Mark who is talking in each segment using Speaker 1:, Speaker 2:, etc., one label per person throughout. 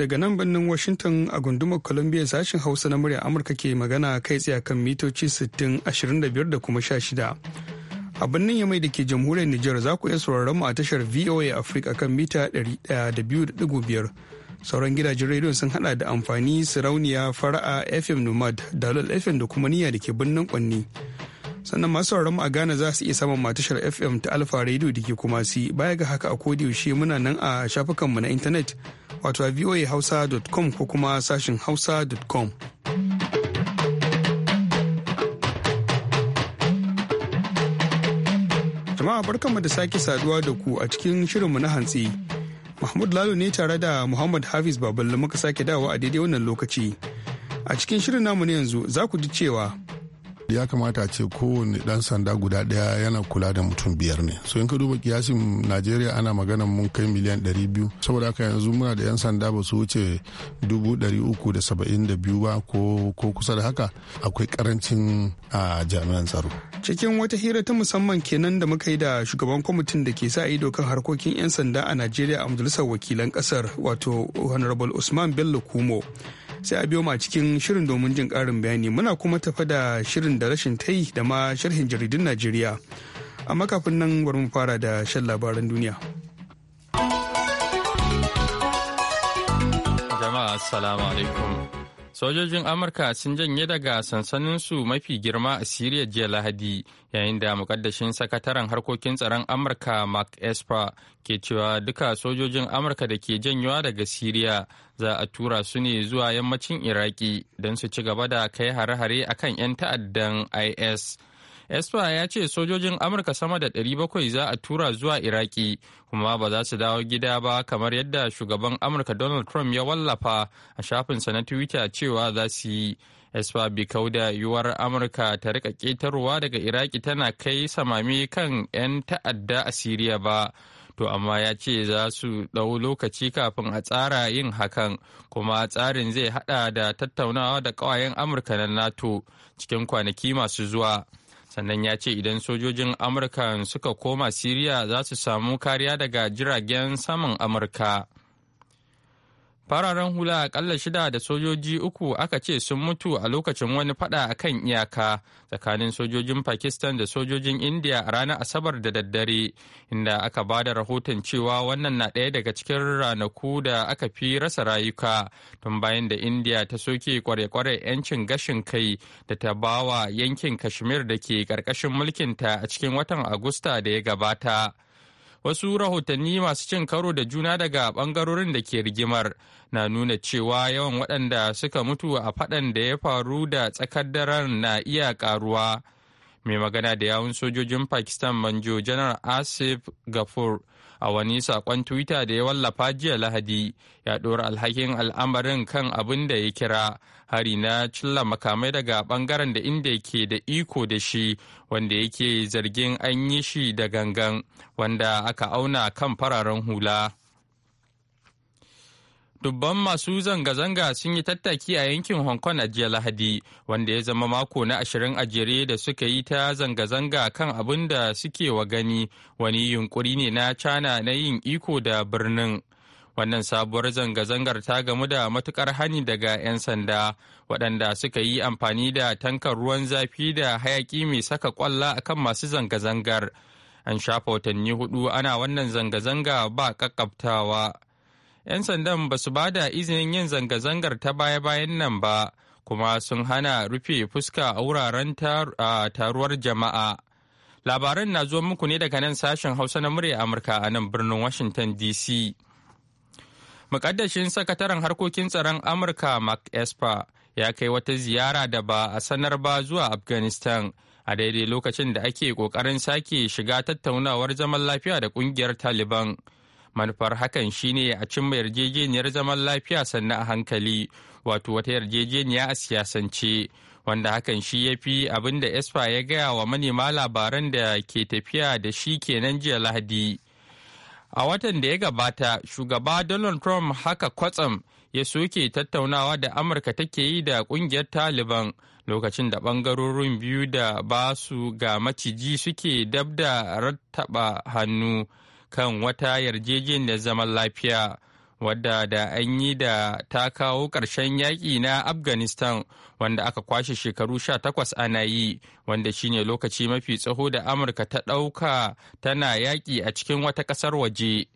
Speaker 1: daga nan birnin Washington a gundumar Columbia sashen Hausa na murya Amurka ke magana kai tsaye kan mitoci 60, 25 da kuma 16. A birnin Yamai da ke jamhuriyar Nijar za ku iya sauraron mu a tashar VOA Africa kan mita 102.5. Sauran gidajen rediyon sun hada da amfani sarauniya fara'a FM Nomad, Dalol FM da kuma niyya da ke birnin Kwanni. sannan masu mu a Ghana za su iya samun matashar FM ta Alfa Radio da ke kuma si baya ga haka a yaushe muna nan a shafukanmu na intanet wato a hausa.com ko kuma sashin hausa.com. Jama'a barkanmu da sake saduwa da ku a cikin shirinmu na hantsi. Mahmud Lalo ne tare da Muhammad Hafiz Baballe muka sake dawo a daidai wannan lokaci. A cikin shirin namu na yanzu za ku ji cewa
Speaker 2: ya kamata a ce kowane dan sanda guda daya yana kula da mutum biyar ne so in ka duba kiyasin najeriya ana magana mun kai miliyan 200 saboda haka yanzu muna da yan sanda ba su wuce 372 ba ko kusa da haka akwai karancin a jami'an tsaro
Speaker 1: cikin wata hira ta musamman kenan da muka yi da shugaban kwamitin da ke sa ido kan harkokin yan sanda a najeriya a majalisar wakilan kasar wato honorable usman bello kumo sai a biyo ma cikin shirin domin jin karin bayani muna kuma tafa da shirin da rashin tai da ma sharhin jaridun najeriya amma kafin nan bari mu fara da shan labaran duniya
Speaker 3: jama'a assalamu alaikum Sojojin Amurka sun janye daga sansaninsu mafi girma a Siriya jiya Lahadi, yayin da mukaddashin sakataren harkokin tsaron Amurka Mark Esper ke cewa duka sojojin Amurka da ke janyewa daga Siriya za a tura su ne zuwa yammacin Iraki don su ci gaba da kai hare-hare akan 'yan ta'addan IS. espa ya ce sojojin amurka sama da 700 za a tura zuwa iraki kuma ba za su dawo gida ba kamar yadda shugaban amurka donald trump ya wallafa a shafinsa na twitter cewa za su yi espa bikau da yuwar amurka ta rika ketarwa daga iraki tana kai samami kan 'yan ta'adda a siriya ba to amma ya ce za su ɗau lokaci kafin a tsara yin hakan kuma tsarin zai haɗa da tattaunawa da ƙawayen amurka na nato cikin kwanaki masu zuwa sannan ya ce idan sojojin amurka suka koma siriya za su samu kariya daga jiragen saman amurka fararen hula akalla shida da sojoji uku aka ce sun mutu a lokacin wani fada a kan iyaka tsakanin sojojin pakistan da sojojin india a ranar asabar da daddare inda aka ba da rahoton cewa wannan na ɗaya daga cikin ranaku da aka fi rasa rayuka tun bayan da india ta soke kware-kware 'yancin gashin kai da ta bawa yankin kashmir da ke ƙarƙashin mulkinta a cikin watan agusta da ya gabata. wasu rahotanni masu cin karo da juna daga bangarorin da ke rigimar na nuna cewa yawan waɗanda suka mutu a faɗan da ya faru da tsakar daren na iya ƙaruwa mai magana da yawun sojojin pakistan manjo janar asif gafur a wani sakon twitter da ya wallafa jiya lahadi ya ɗora alhakin al'amarin kan abin da ya kira hari na cilla makamai daga ɓangaren da inda yake da iko da shi wanda yake zargin an yi shi da gangan wanda aka auna kan fararen hula. Dubban masu zanga-zanga sun yi tattaki a yankin Hong Kong a jiya Lahadi, wanda ya zama mako na ashirin a jere da suka yi ta zanga-zanga kan abin da suke wa gani wani yunkuri ne na China na yin iko da birnin. Wannan sabuwar zanga-zangar ta gamu da matukar hani daga 'yan sanda waɗanda suka yi amfani da tankar ruwan zafi da hayaƙi mai saka kwalla akan masu zanga-zangar. An shafa watanni hudu ana wannan zanga-zanga ba kakkaftawa. 'yan sandan ba su ba da izinin yin zanga-zangar ta baya-bayan nan ba kuma sun hana rufe fuska a wuraren taruwar jama'a labaran na zuwa muku ne daga nan sashen hausa na murya amurka a nan birnin washington dc mukaddashin sakataren harkokin tsaron amurka mark esper ya kai wata ziyara da ba a sanar ba zuwa afghanistan a daidai lokacin da ake kokarin sake shiga tattaunawar zaman lafiya da kungiyar taliban manufar hakan shine a cimma yarjejeniyar zaman lafiya sannan a hankali wato wata yarjejeniya a siyasance wanda hakan shi ya fi abin da espa ya gaya wa manema labaran da ke tafiya da shi kenan jiya lahadi a watan da ya gabata shugaba donald trump haka kwatsam ya soke tattaunawa da amurka take yi da kungiyar taliban lokacin da bangarorin biyu da ba su ga maciji suke dab da rattaba hannu kan wata yarjejeniyar zaman lafiya wadda da an yi da ta kawo ƙarshen yaƙi na afghanistan wanda aka kwashe shekaru 18 ana yi wanda shine lokaci mafi tsaho da amurka ta ɗauka tana yaƙi a cikin wata ƙasar waje.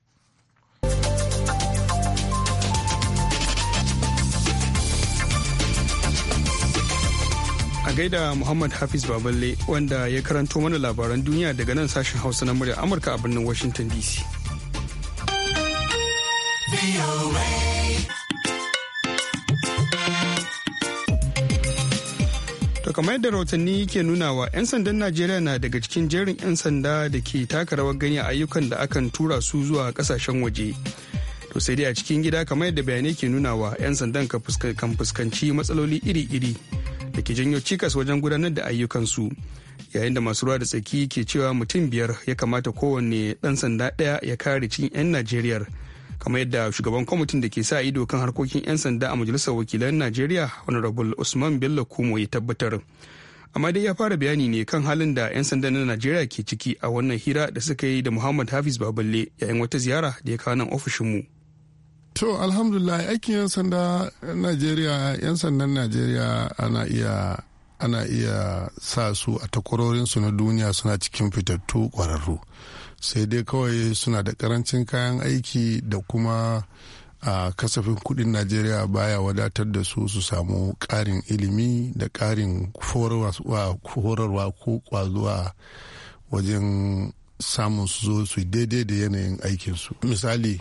Speaker 1: a gaida Muhammad Hafiz Baballe wanda ya karanto mana labaran duniya daga nan sashen Hausa na murya Amurka a birnin Washington DC. To kamar yadda rahotanni ke nunawa 'yan sandan Najeriya na daga cikin jerin 'yan sanda da ke taka rawar gani a ayyukan da akan tura su zuwa kasashen waje. To sai dai a cikin gida kamar yadda bayanai ke nunawa 'yan sandan kan fuskanci matsaloli iri-iri. da ke janyo cikas wajen gudanar da ayyukansu yayin da masu ruwa da tsaki ke cewa mutum biyar ya kamata kowane dan sanda ɗaya ya kare cikin 'yan najeriya kamar yadda shugaban kwamitin da ke sa ido kan harkokin 'yan sanda a majalisar wakilan najeriya honorable usman bello kumo ya tabbatar amma dai ya fara bayani ne kan halin da 'yan sanda na najeriya ke ciki a wannan hira da suka yi da muhammad hafiz baballe yayin wata ziyara da ya kawo nan ofishinmu
Speaker 2: To alhamdulillah aikin 'yan sanda Najeriya 'yan sandan Najeriya ana iya ana iya sa su a su na duniya suna cikin fitattu kwararru sai dai kawai suna da karancin kayan aiki da kuma a kasafin kudin najeriya baya wadatar da su su samu karin ilimi da karin horarwa ko kwazuwa wajen samun su zo su daidai da yanayin aikinsu misali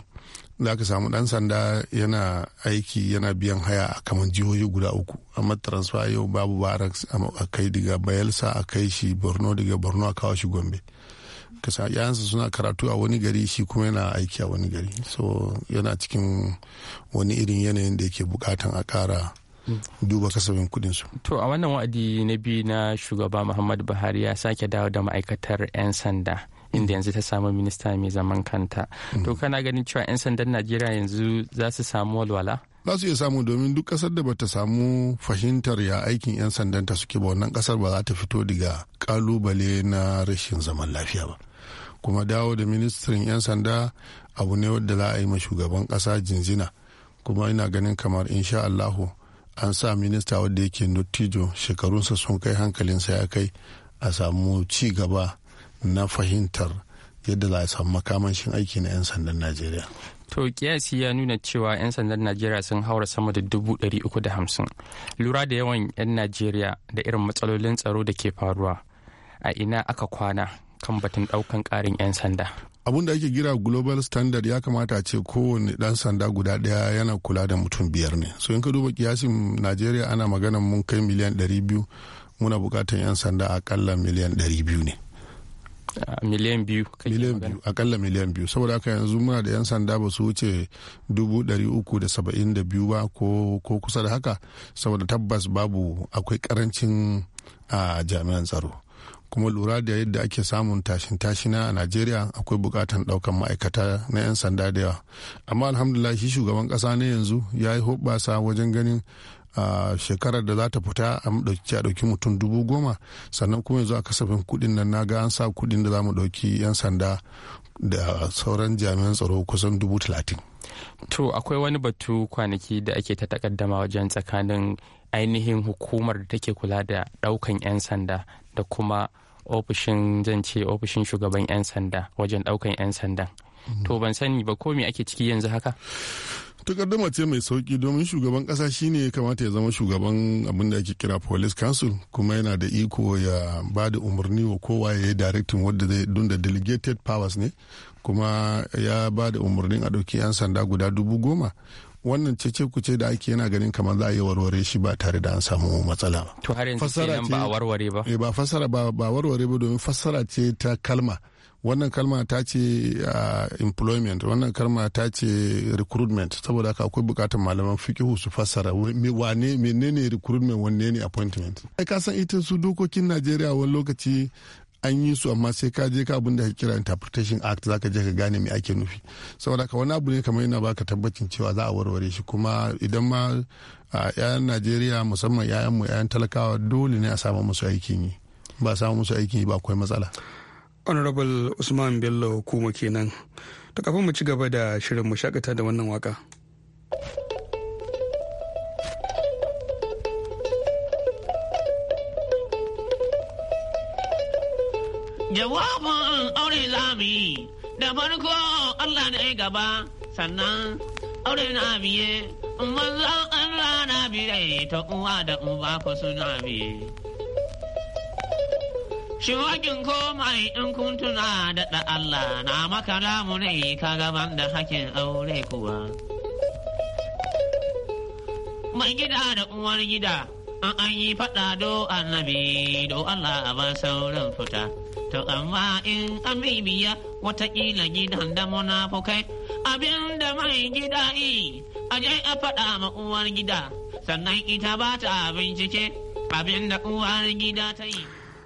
Speaker 2: za ka samu ɗan sanda yana aiki yana biyan haya a kamar jihohi guda uku amma transfer yau babu ba a kai daga bayelsa a kai shi borno daga borno a kawo shi gombe kasa yayansa suna karatu a wani gari shi kuma yana aiki a wani gari so yana cikin wani irin yanayin da yake bukatan a kara duba kasafin su.
Speaker 3: To a wannan wa'adi na biyu na shugaba muhammadu Buhari ya sake dawo da ma'aikatar 'yan sanda. inda yanzu ta samu minista mai zaman kanta to mm. kana ganin cewa 'yan sandan najeriya yanzu za su samu walwala
Speaker 2: za su iya samu domin duk kasar da bata samu fahimtar ya aikin 'yan sandanta suke ba wannan kasar ba za ta fito daga kalubale na rashin zaman lafiya ba kuma dawo da ministrin 'yan sanda abu ne wadda za a yi ma shugaban kasa jinjina kuma ina ganin kamar insha allahu an sa minista wadda yake nottijo shekarunsa sun kai hankalinsa ya kai a samu ci gaba na fahimtar yadda za a samu makamashin aiki na 'yan sandan najeriya
Speaker 3: to kiyasi ya nuna cewa 'yan sandan najeriya sun haura sama da dubu uku da hamsin lura da yawan 'yan najeriya da irin matsalolin tsaro da ke faruwa a ina aka kwana kan batun daukan karin 'yan sanda
Speaker 2: abun da ake gira global standard ya kamata a ce kowane dan sanda guda daya yana kula da mutum biyar ne so in ka duba kiyasin najeriya ana maganan mun kai miliyan 200 muna bukatan 'yan sanda akalla miliyan 200 ne miliyan biyu miliyan biyu akalla miliyan biyu saboda haka yanzu muna da yan sanda ba su wuce dubu dari uku da saba'in da biyu ba ko kusa da haka saboda tabbas babu akwai karancin a jami'an tsaro kuma lura da yadda ake samun tashin tashina a najeriya akwai bukatan daukan ma'aikata na 'yan sanda da yawa amma alhamdulillah shi shugaban kasa ne yanzu ya yi hoɓasa wajen ganin a shekarar da za ta fita a ɗauki a ɗauki mutum dubu goma sannan kuma yanzu a kasafin kuɗin nan na ga an sa kuɗin da za mu ɗauki 'yan sanda da sauran jami'an tsaro kusan dubu talatin.
Speaker 3: To akwai wani batu kwanaki da ake ta takaddama wajen tsakanin ainihin hukumar da take kula da ɗaukan 'yan sanda da kuma ofishin zan ce ofishin shugaban 'yan sanda wajen ɗaukan 'yan sandan. Mm. To ban sani ba ko me ake ciki yanzu haka? takaddama
Speaker 2: ce mai sauki domin shugaban kasa shine ya kamata ya zama shugaban abin da ake kira police council kuma yana da iko ya ba da umarni wa kowa ya yi directin wadda zai dunda delegated powers ne kuma ya ba da umarnin a dauki 'yan sanda guda dubu goma wannan cece kuce da ake yana ganin kamar za a yi warware shi ba tare da an samu matsala ba.
Speaker 3: To har yanzu
Speaker 2: ba a warware ba. Eh, ba fasara ba warware ba domin fasara ce ta kalma. wannan kalma ta ce uh, employment wannan kalma ta ce recruitment saboda haka akwai bukatar malaman fikihu su fassara wane ne recruitment wane ne appointment ai ka san ita su dokokin najeriya wani lokaci an yi su amma sai ka je ka abin da kira interpretation act zaka je ka gane me ake nufi saboda ka wani abu ne kamar yana baka tabbacin cewa za a warware shi kuma idan ma yayan uh, najeriya musamman yayan mu yayan talakawa dole ne a samu musu aikin yi ba samu musu aikin yi ba akwai matsala
Speaker 1: honorable usman bello kuma kenan ta kafin mu ci gaba da shirin mu shakata da wannan waka
Speaker 4: jawabin aure lami da farko allah ne gaba sannan aure na biye manzan an na biye ta uwa da uba ku suna biye Shin hakin komai in kun tuna da Allah na maka mu ne ka gaban da hakin aure kuwa. Mai gida da uwar gida an an yi faɗa do annabi do Allah a ba sauran fita. To amma in an bibiya watakila gidan da munafukai abin da mai gida yi a a faɗa ma uwar gida sannan ita ba ta bincike abin da uwar
Speaker 5: gida ta yi.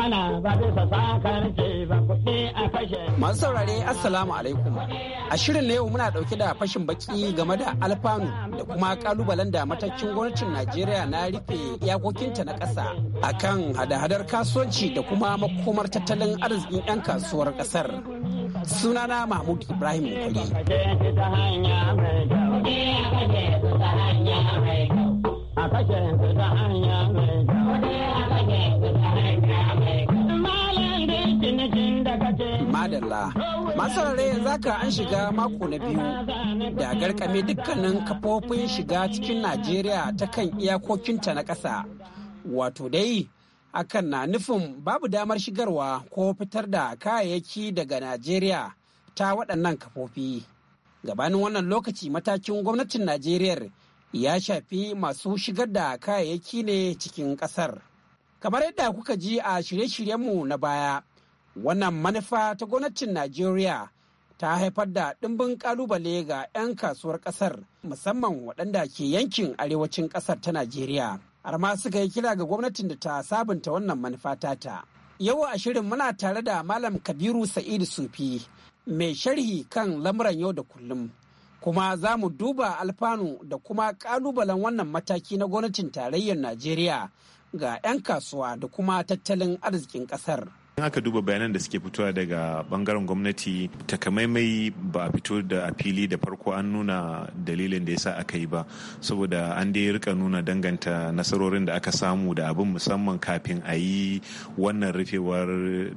Speaker 4: kana ba bisa ba kuɗi a kashe. Masu saurare Assalamu alaikum. A shirin na yau muna ɗauke da fashin baki game da alfanu da kuma kalubalen da matakin gwamnatin Najeriya na rufe iyakokinta na ƙasa akan hada-hadar kasuwanci da kuma makomar tattalin arzikin 'yan kasuwar ƙasar. Sunana Mahmud Ibrahim kyau. madalla masu za ka an shiga mako na biyu da garkame dukkanin kafofin shiga cikin najeriya ta kan iyakokinta na ƙasa wato dai akan na nufin babu damar shigarwa ko fitar da kayayyaki daga najeriya ta waɗannan kafofi gabanin wannan lokaci matakin gwamnatin najeriya ya shafi masu shigar da kayayyaki ne cikin ƙasar kamar yadda kuka ji a shirye-shiryenmu na baya Wannan manufa ta gwamnatin Najeriya ta haifar da ɗimbin ƙalubale ga 'yan kasuwar ƙasar musamman waɗanda ke yankin arewacin ƙasar ta Najeriya. Har ma suka yi kira ga gwamnatin da ta sabunta wannan manufa tata. Yau a shirin muna tare da Malam Kabiru Sa'idu Sufi mai sharhi kan lamuran yau da kullum. Kuma za mu duba alfanu da kuma ƙalubalen wannan mataki na gwamnatin tarayyar Najeriya ga 'yan kasuwa da kuma tattalin arzikin ƙasar.
Speaker 6: in aka duba bayanan da suke fitowa daga bangaren gwamnati takamaimai ba a fito da a fili da farko an nuna dalilin da ya sa aka yi ba saboda an dai rika nuna danganta nasarorin da aka samu da abin musamman kafin a yi wannan rufewar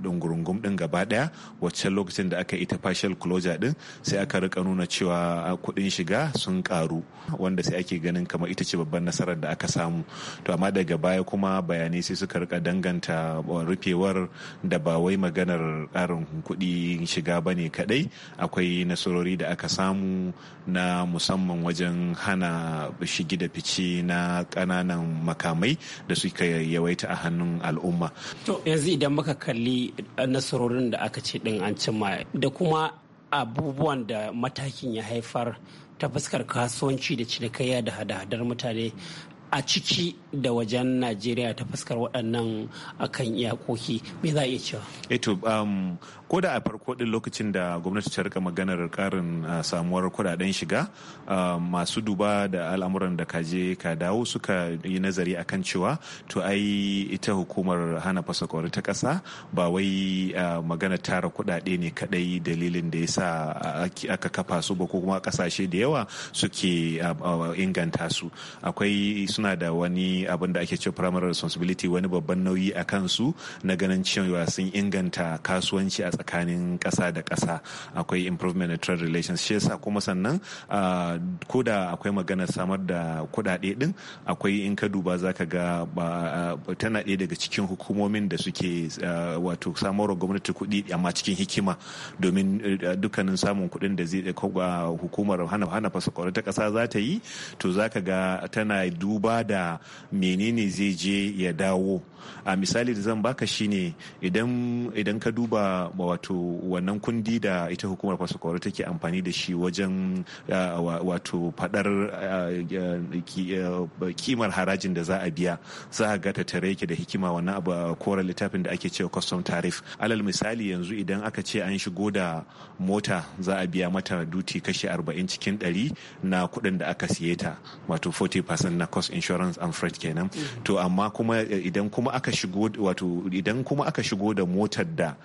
Speaker 6: dungurungum din gaba daya waccan lokacin da aka ita partial closure din sai aka rika nuna cewa kuɗin shiga sun karu wanda sai ake ganin kamar ita ce babban nasarar da aka samu to amma daga baya kuma bayanai sai suka rika danganta rufewar wanda ba wai maganar karin kuɗi shiga ba ne kaɗai akwai nasarori da aka samu na musamman wajen hana shigi da fice na ƙananan makamai da suka yawaita a hannun al'umma.
Speaker 4: To yanzu idan muka kalli uh, nasarorin da aka ce ɗin an cimma da kuma abubuwan da matakin ya haifar ta fuskar kasuwanci da cinikayya da hada-hadar mutane a ciki da wajen najeriya ta fuskar waɗannan akan
Speaker 6: iyakoki me za a iya cewa eto eh um, ko da a farko din lokacin da gwamnati ta rika maganar karin ah, samuwar kudaden shiga ah, masu duba da al'amuran da kaje ka dawo suka yi nazari akan cewa to ai ita hukumar hana fasakwari ta kasa ba wai ah, magana tara kudade ne kadai dalilin da yasa aka kafa su ba ko kuma kasashe da yawa suke inganta su akwai suna da wani abin da ake ce primary responsibility wani babban nauyi a kansu na ganin cewa sun inganta kasuwanci a tsakanin ƙasa da ƙasa akwai improvement na trade relations shi yasa kuma sannan ko da akwai maganar samar da kuɗaɗe ɗin akwai in ka duba za ka ga tana ɗaya daga cikin hukumomin da suke wato samarwa gwamnati kuɗi amma cikin hikima domin dukkanin samun kuɗin da zai hukumar hana fasakwari ta ƙasa za ta yi to za ka ga tana duba da menene zai je ya dawo a misali da zan baka shine idan ka duba wato wannan kundi da ita hukumar fasakwaro take amfani da shi wajen wato fadar kimar harajin da za a biya za a ga tare yake da hikima wannan abu koren littafin da ake cewa custom tarif alal misali yanzu idan aka ce an shigo da mota za a biya mata duti kashi 40 cikin 100 na kuɗin da aka siye ta wato 40% na cost insurance and freight kenan mm-hmm. to amma kuma idan kuma aka shigo wato idan kuma aka shigo da motar da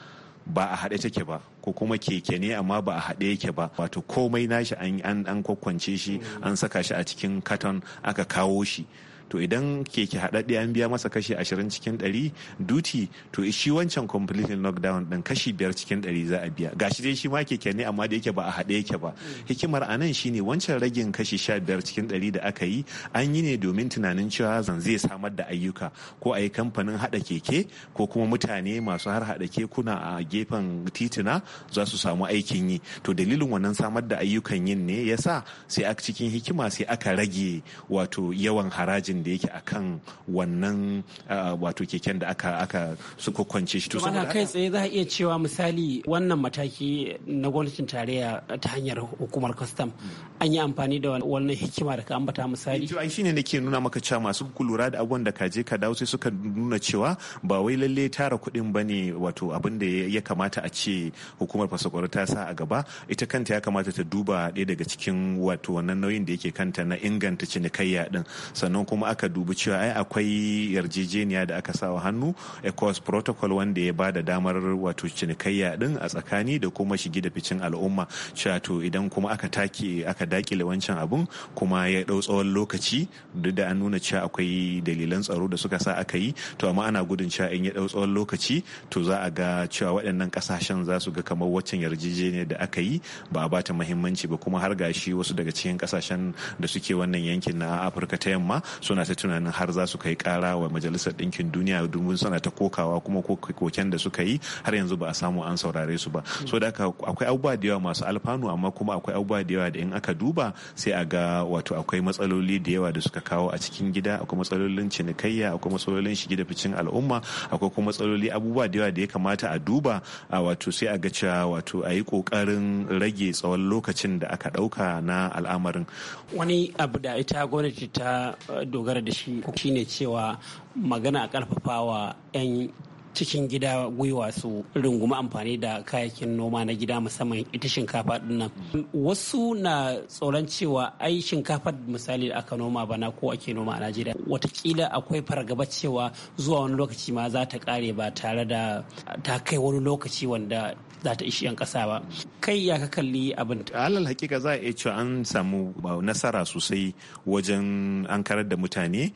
Speaker 6: ba a haɗe take ba ko kuma keke ne amma ba a haɗe yake ba wato komai nashi an an kwakwance shi an saka shi a cikin katon aka kawo shi to idan keke haɗaɗɗe an biya masa kashi ashirin cikin ɗari duty to shi wancan complete lockdown ɗin kashi biyar cikin ɗari za a biya gashi dai shi ma keke ne amma da yake ba a haɗe yake ba hikimar a nan shine wancan ragin kashi sha biyar cikin ɗari da aka yi an yi ne domin tunanin cewa zan zai samar da ayyuka ko a yi kamfanin haɗa keke ko kuma mutane masu har haɗa kekuna a gefen titina za su samu aikin yi to dalilin wannan samar da ayyukan yin ne yasa sai a cikin hikima sai aka rage wato yawan harajin gashin da yake akan wannan wato keken da aka aka su kwakwance shi to saboda kai
Speaker 4: tsaye za a iya cewa misali wannan mataki na gwamnatin tarayya ta hanyar hukumar custom an yi amfani da wannan hikima da ka ambata
Speaker 6: misali to ai shine nake nuna maka cewa masu kulura da abubuwan da kaje ka dawo sai suka nuna cewa ba wai lalle tara kuɗin bane wato abin da ya kamata a ce hukumar fasakwaro ta sa a gaba ita kanta ya kamata ta duba ɗaya daga cikin wato wannan nauyin da yake kanta na inganta cinikayya din sannan kuma aka dubi cewa ai akwai yarjejeniya da aka sawa hannu ECOWAS protocol wanda ya bada damar wato cinikayya din a tsakani da kuma shige da ficin al'umma cewa to idan kuma aka take aka dakile wancan abun kuma ya dau tsawon lokaci duk da an nuna cewa akwai dalilan tsaro da suka sa aka yi to amma ana gudun cewa in ya dau tsawon lokaci to za a ga cewa waɗannan kasashen za su ga kamar waccan yarjejeniya da aka yi ba a bata muhimmanci ba kuma har gashi wasu daga cikin kasashen da suke wannan yankin na Afirka ta yamma suna suna ta tunanin har za su kai kara wa majalisar ɗinkin duniya domin suna ta kokawa kuma koken da suka yi har yanzu ba a samu an saurare su ba so da haka akwai abubuwa da yawa masu alfanu amma kuma akwai abubuwa da yawa da in aka duba sai a ga wato akwai matsaloli da yawa da suka kawo a cikin gida akwai matsalolin cinikayya akwai matsalolin shige da ficin al'umma akwai kuma matsaloli abubuwa da yawa da ya kamata a duba a wato sai a ga cewa wato a yi kokarin rage tsawon lokacin da aka ɗauka na al'amarin wani abu da ita gwamnati
Speaker 4: ta eh, dogara dogara da shi shine cewa magana a karfafawa 'yan cikin gida gwiwa su runguma amfani da kayayyakin noma na gida musamman ita shinkafa nan wasu na tsoron cewa ai shinkafa misali da aka noma bana ko ake noma a najeriya watakila akwai fargaba cewa zuwa wani lokaci ma za ta kare ba tare da ta kai wani lokaci wanda za ta ishi 'yan ƙasa ba kai ya ka
Speaker 6: kalli abin alal hakika za a iya cewa an samu nasara sosai wajen an karar da mutane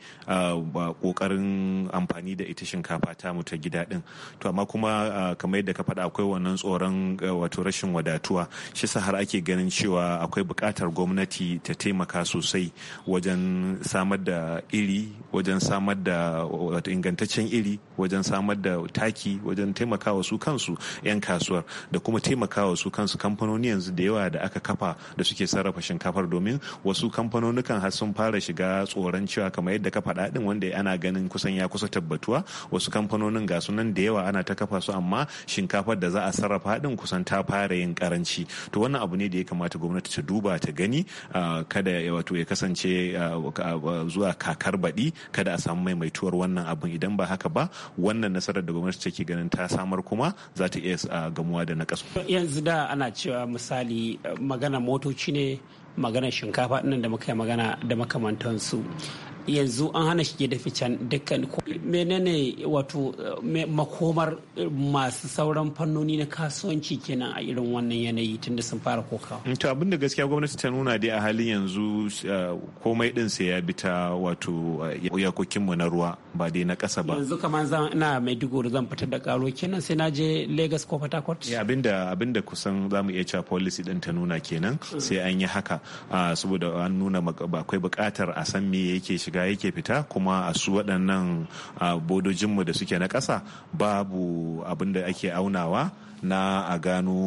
Speaker 6: kokarin amfani da ita shinkafa ta mu ta gida din to amma kuma kamar yadda ka faɗa akwai wannan tsoron wato rashin wadatuwa shi sa har ake ganin cewa akwai buƙatar gwamnati ta taimaka sosai wajen samar da iri wajen samar da wato ingantaccen iri wajen samar da taki wajen taimakawa su kansu 'yan kasuwar da kuma taimakawa su kansu kamfanoni yanzu da yawa da aka kafa da suke sarrafa shinkafar domin wasu kamfanonukan har sun fara shiga tsoron cewa kamar yadda ka faɗa wanda ana ganin kusan ya kusa tabbatuwa wasu kamfanonin ga sunan da yawa ana ta kafa su amma shinkafar da za a sarrafa din kusan ta fara yin karanci to wannan abu ne da ya kamata gwamnati ta duba ta gani kada wato ya kasance zuwa kakar baɗi kada a samu maituwar wannan abin idan ba haka ba wannan nasarar da gwamnati take ganin ta samar kuma za ta iya gamuwa da na yanzu da ana cewa
Speaker 4: misali eh, magana motoci ne magana shinkafa ɗin da muka yi magana da makamantansu yanzu an hana shige da ficen dukkan menene wato makomar masu sauran fannoni na kasuwanci kenan a irin wannan yanayi tun da sun fara kokawa.
Speaker 6: Mm, to abin da gaskiya gwamnati ta nuna dai a halin yanzu eh, komai din sai ya bi ta wato eh, mu na ruwa ba dai na kasa ba yanzu
Speaker 4: kamar zan ina
Speaker 6: maiduguri zan
Speaker 4: fitar da karo kenan sai na je lagos ko port harcourt eh,
Speaker 6: abinda abinda kusan zamu iya cewa policy din ta nuna kenan mm. sai an yi haka ah, saboda an nuna akwai buƙatar a san me yake shiga shiga yake fita kuma a su waɗannan bodojinmu da suke na ƙasa babu abin da ake aunawa na a gano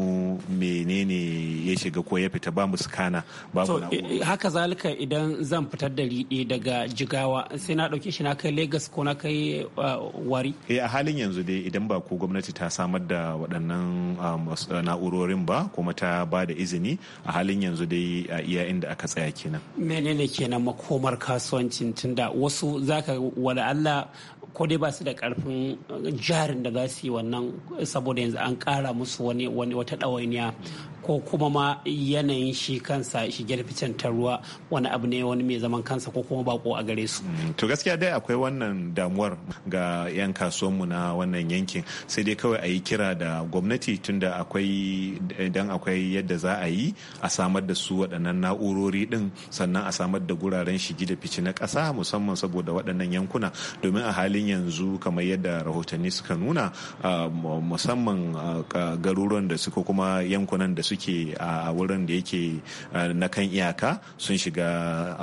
Speaker 6: menene ya shiga ko ya fita ba mu sukana babu eh,
Speaker 4: haka zalika idan zan fitar da riɗe daga jigawa sai na ɗauke shi na kai Legas ko na kai
Speaker 6: eh, wari eh a halin yanzu dai idan ba ko gwamnati ta samar da waɗannan um, eh, na'urorin ba kuma ta ba da izini a halin yanzu dai a iya inda aka tsaya kenan menene kenan makomar
Speaker 4: kasuwancin tunda wasu zaka wala Allah ko dai ba su da karfin uh, jarin da za su yi wannan saboda yanzu an kara musu wani wata ɗawainiya ko kuma ma yanayin shi kansa shige da ficen ta ruwa wani abu ne wani mai zaman kansa ko kuma
Speaker 6: bako a gare su. To gaskiya dai akwai wannan damuwar ga 'yan mu na wannan yankin sai dai kawai a yi kira da gwamnati tunda akwai idan akwai yadda za a yi a samar da su waɗannan na'urori ɗin sannan a samar da guraren shige da fice na ƙasa musamman saboda waɗannan yankuna domin a halin yanzu kamar yadda rahotanni suka nuna ah, musamman ah, garuruwan da suka kuma yankunan da suke suke a wurin da yake na kan iyaka sun shiga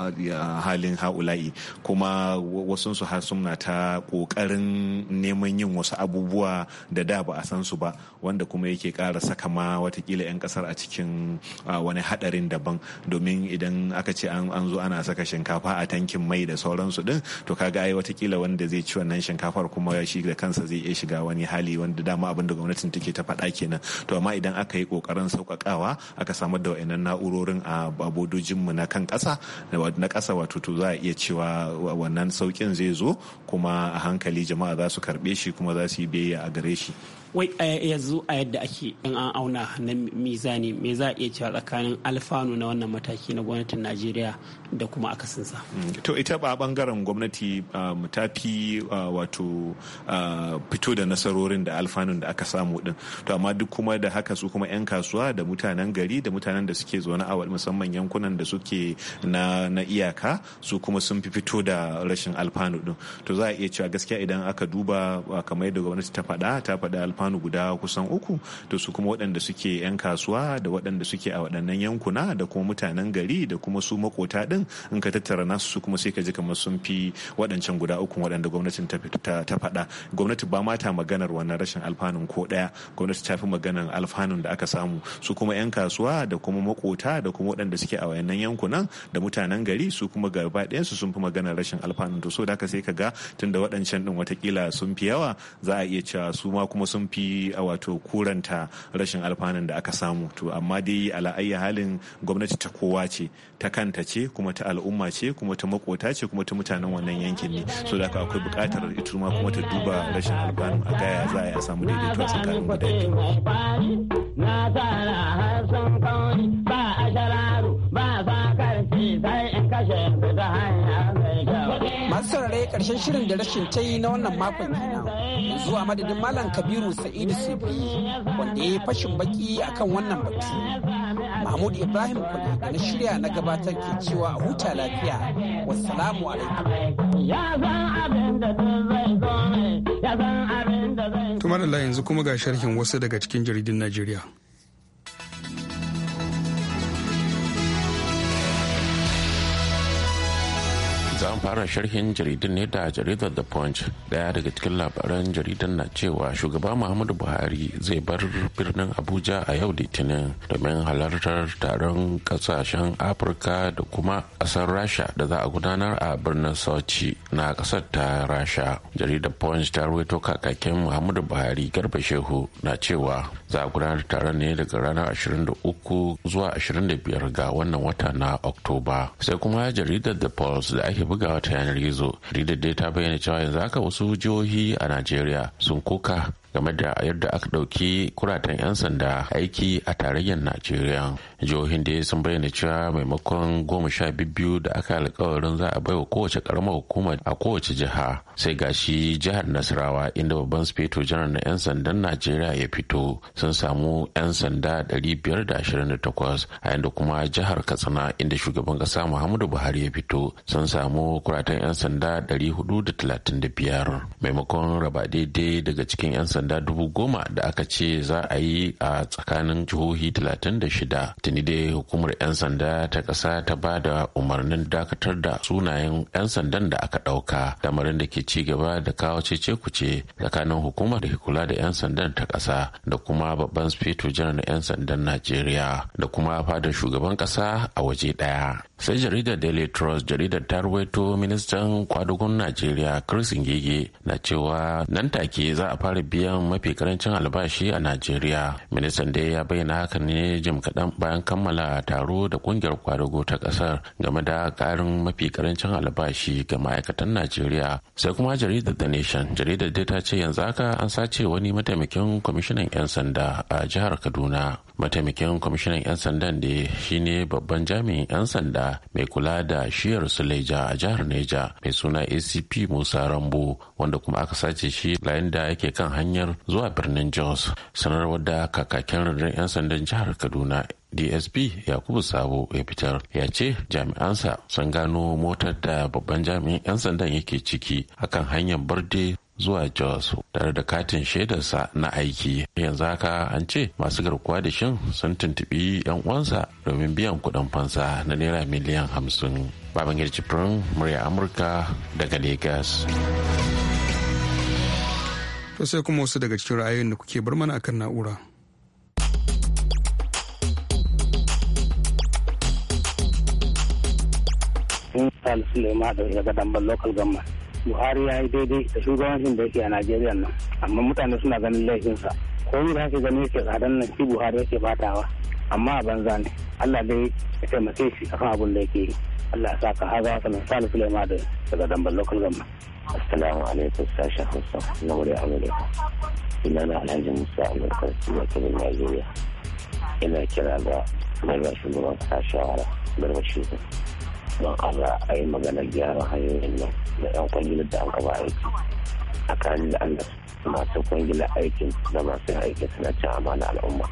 Speaker 6: halin ha'ula'i kuma wasunsu har suna ta ƙoƙarin neman yin wasu abubuwa da da ba a san su ba wanda kuma yake ƙara saka ma watakila 'yan ƙasar a cikin wani haɗarin daban domin idan aka ce an zo ana saka shinkafa a tankin mai da sauransu din to kaga ai watakila wanda zai ci wannan shinkafar kuma shi da kansa zai iya shiga wani hali wanda dama abin da gwamnatin take ta faɗa kenan to amma idan aka yi ƙoƙarin sauƙa sauƙaƙawa aka samar da wayannan na'urorin a mu na kan ƙasa na kasa wato to za a iya cewa wannan saukin zai zo kuma a hankali jama'a za su karɓe shi kuma za su yi biyayya a gare shi
Speaker 4: wai yanzu a yadda ake in an auna na mizani me za a iya cewa tsakanin alfanu na wannan mataki na gwamnatin najeriya da kuma akasinsa.
Speaker 6: To ita ba bangaren gwamnati ah, ta fi ah, wato ah, fito da nasarorin da alfanun da aka samu din. To amma duk kuma da haka su kuma 'yan kasuwa da mutanen gari da mutanen da suke zaune a musamman yankunan da suke na, iyaka su kuma sun fi fito da rashin alfanu din. To za a iya cewa gaskiya idan aka duba kamar yadda gwamnati ta faɗa ta faɗa alfanu guda kusan uku to su kuma waɗanda suke 'yan kasuwa da waɗanda suke a waɗannan yankuna da kuma mutanen gari da kuma su makota din in ka tattara nasu su kuma sai ka ji kamar sun fi waɗancan guda uku waɗanda gwamnatin ta faɗa gwamnati ba ma ta maganar wannan rashin alfanun ko ɗaya gwamnati ta fi maganar alfanun da aka samu su kuma 'yan kasuwa da kuma makota da kuma waɗanda suke a wayannan yankunan da mutanen gari su kuma gaba ɗayansu sun fi maganar rashin alfanun to so da ka sai ka ga tunda waɗancan ɗin watakila sun fi yawa za a iya cewa su ma kuma sun fi a wato kuranta rashin alfanun da aka samu to amma dai ala halin gwamnati ta kowa ce ta kanta ce kuma wata al'umma ce kuma ta makota ce kuma ta mutanen wannan yankin ne so da akwai buƙatar ita kuma ta duba rashin alfanu a gaya za a samu daidaito a tsakanin
Speaker 4: guda masu saurare karshen shirin da rashin ta yi na wannan makon kenan zuwa madadin malam kabiru sa'idu sufi wanda ya yi fashin baki akan wannan batu Mahmud Ibrahim Kwale da na shirya na gabatar ke cewa a huta lafiya. Wassalamu
Speaker 5: alaikum. Ya san abin da zai zo ne, ya san abin da zai. zo. Tumar
Speaker 1: da yanzu kuma ga sharhin wasu daga cikin jaridun Najeriya.
Speaker 7: za mu fara sharhin jaridun ne da jaridar the punch daya daga cikin labaran jaridar na cewa shugaba muhammadu buhari zai bar birnin abuja a yau litinin domin halartar taron kasashen afirka da kuma kasar rasha da za a gudanar a birnin sochi na ƙasar ta rasha jaridar punch ta ruwaito kakakin muhammadu buhari garba shehu na cewa za a gudanar taron ne daga ranar 23 zuwa 25 ga wannan wata na oktoba sai kuma jaridar the pulse da ake bugawa ta yanar gizo jaridar dai ta bayyana cewa yanzu haka wasu jihohi a najeriya sun koka game da yadda aka ɗauki kuratan 'yan sanda aiki a tarayyar najeriya jihohin da sun bayyana cewa maimakon goma sha biyu da aka alkawarin za a baiwa kowace karamar hukuma a kowace jiha sai gashi jihar nasarawa inda babban speto janar na 'yan sandan najeriya ya fito sun samu 'yan sanda 528 a yadda kuma jihar katsina inda shugaban kasa muhammadu buhari ya fito sun samu kuratan 'yan sanda 435 maimakon raba daidai daga cikin 'yan sanda dubu goma da aka ce za a yi a tsakanin jihohi 36 tuni dai hukumar 'yan sanda ta kasa ta ba da umarnin dakatar da sunayen 'yan sandan da aka ɗauka lamarin da ke ci gaba da kawo cece kuce tsakanin hukumar da ke kula da 'yan sandan ta ƙasa da kuma babban spito janar na 'yan sandan najeriya da kuma fadar shugaban ƙasa a waje ɗaya sai jaridar daily trust jaridar ta ruwaito ministan kwadugun najeriya chris ngege na cewa nan take za a fara biyan mafi karancin albashi a najeriya ministan da ya bayyana haka ne jim kaɗan bayan kammala taro da kungiyar kwadugo ta ƙasar game da ƙarin mafi karancin albashi ga ma'aikatan najeriya sai kuma jaridar the nation jaridar dai ta ce yanzu haka an sace wani mataimakin kwamishinan 'yan sanda a jihar kaduna mataimakin kwamishinan 'yan sandan da shine babban jami'in 'yan sanda mai kula da shiyar suleja a jihar neja mai suna acp musa rambo wanda kuma aka sace shi layin da yake kan hanyar zuwa birnin jos sanarwar da kakakin rundunar 'yan sandan jihar kaduna dsp yakubu sabo ya fitar ya ce jami'ansa sun gano motar da babban jami'in 'yan sandan yake ciki akan hanyar birde zuwa jos tare da katin shaidarsa na aiki yanzu haka an ce masu garkuwa da shin sun tuntubi 'yan uwansa domin biyan kudin fansa na naira miliyan hamsin baban cifirin murya
Speaker 1: amurka daga legas to sai kuma wasu daga cikin ra'ayoyin da kuke bar mana akan na'ura
Speaker 5: sun salisu suleiman da daga damban local government buhari ya yi daidai da shugabancin da yake a nigeria nan amma mutane suna ganin laifinsa ko da haka gani yake tsadan nan shi buhari yake batawa amma a banza ne allah dai ya taimake shi akan abin da yake yi allah ya saka haza wasa nan salisu suleiman da daga damban local government assalamu alaikum sashen hausa na wuri amurka ina na alhaji musa amurka mutumin nigeria ina kira ga mai ba shugaban kasa shawara barbashin don Allah a yi maganar gyara hanyoyin nan da 'yan kwangilar da an kaba aiki a kanin da Allah masu kwangilar
Speaker 4: aikin da masu aiki suna cin amana al'umma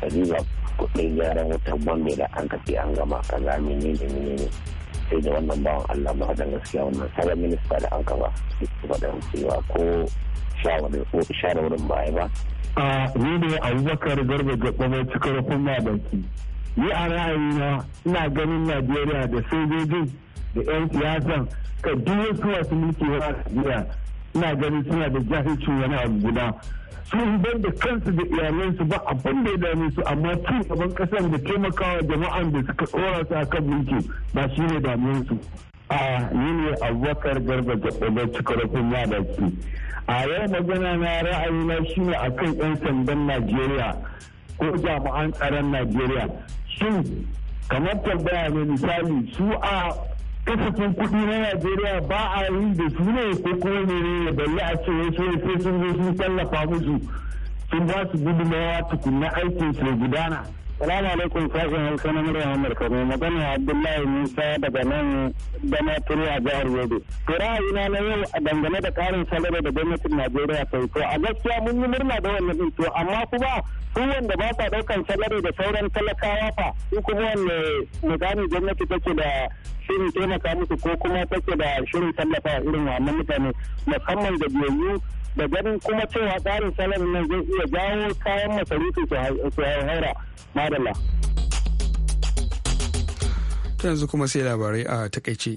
Speaker 4: da duba kuɗin gyaran wutar bombe da an kafi an gama kaza mene ne mene ne sai da wannan bawan Allah ba da gaskiya
Speaker 5: wannan sabon minista da an kaba da cewa ko shawarwarin baya ba. a ne ne abubakar garba gaba mai cikar kuma baki ni a ra'ayina ina ganin najeriya da sojojin da 'yan siyasan ka duk wasu su mulki wa najeriya ina ganin suna da jahilcin wani abu guda sun ban da kansu da iyalansu ba abin da ya dame su amma tun gaban kasan da taimakawa jama'an da suka tsora su a kan mulki ba shi ne su a yi ne abubakar garba jaɓaɓar cikarafin yadaki a yau magana na ra'ayi ne shine kan 'yan sandan najeriya ko jami'an tsaron najeriya su kamar tambaya ne misali su a kasafin kuɗi na Najeriya ba a yi da su ne ko kuma ne ne balle a ce wasu sai sun zo sun tallafa musu sun ba su gudunmawa tukunna aikin su gudana Salamu alaikum sashen Hausa na murya Amurka mai magana Abdullahi Musa daga nan Gama turu a jihar Yobe. To ra'ayina na yau a dangane da karin salari da gwamnatin Najeriya ta yi to a gaskiya mun yi murna da wannan din to amma kuma su wanda ba sa daukan salari da sauran talakawa fa su kuma wanne mutane gwamnati take da shirin taimaka musu ko kuma take da shirin tallafa irin wannan mutane musamman da biyayyu da ganin kuma cewa tsarin salon nan zai iya jawo kayan masarufi su haura madalla.
Speaker 1: yanzu kuma sai labarai a takaice.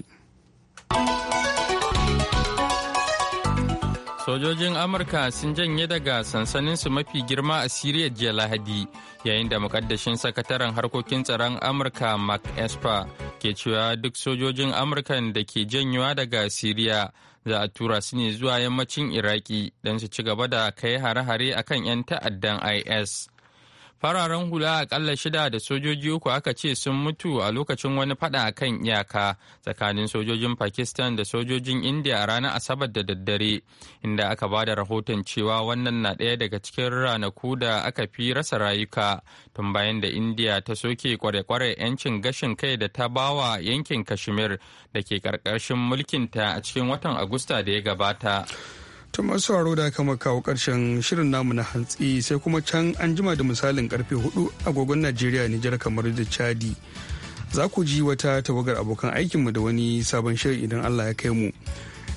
Speaker 3: Sojojin Amurka sun janye daga sansaninsu mafi girma a Siriya jiya Lahadi, yayin da mukaddashin sakataren harkokin tsaron Amurka Mark Esper ke cewa duk sojojin amurkan da ke janyowa daga siriya za a tura su ne zuwa yammacin iraki don su ci gaba da kai hare-hare akan 'yan ta'addan is fararen hula akalla shida da sojoji uku aka ce sun mutu a lokacin wani fada a kan iyaka tsakanin sojojin pakistan da sojojin india a ranar asabar da daddare inda aka ba da rahoton cewa wannan na ɗaya daga cikin ranaku da aka fi rasa rayuka tun bayan da india ta soke kware-kware 'yancin gashin kai da ta bawa yankin kashmir da ke ƙarƙashin mulkinta a cikin watan agusta da ya gabata
Speaker 1: ta masu haro da aka kawo karshen shirin namu na hantsi sai kuma can an jima da misalin karfe 4 agogon najeriya nijar kamar da chadi za ku ji wata tawagar abokan aikinmu da wani sabon shirin idan allah ya kai mu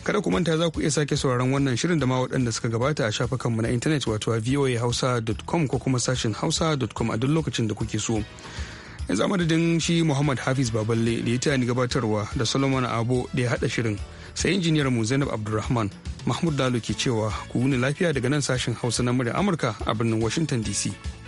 Speaker 1: kada ku manta za ku iya sake sauraron wannan shirin da ma waɗanda suka gabata a shafukanmu na intanet wato a voahausa.com ko kuma sashin hausa.com a duk lokacin da kuke so yanzu amadadin shi muhammad hafiz baballe da ya ni gabatarwa da solomon abo da ya haɗa shirin sai injiniyar mu zainab abdulrahman mahmud dalu ke cewa ku wuni lafiya daga nan sashen hausa na murya amurka a birnin washington dc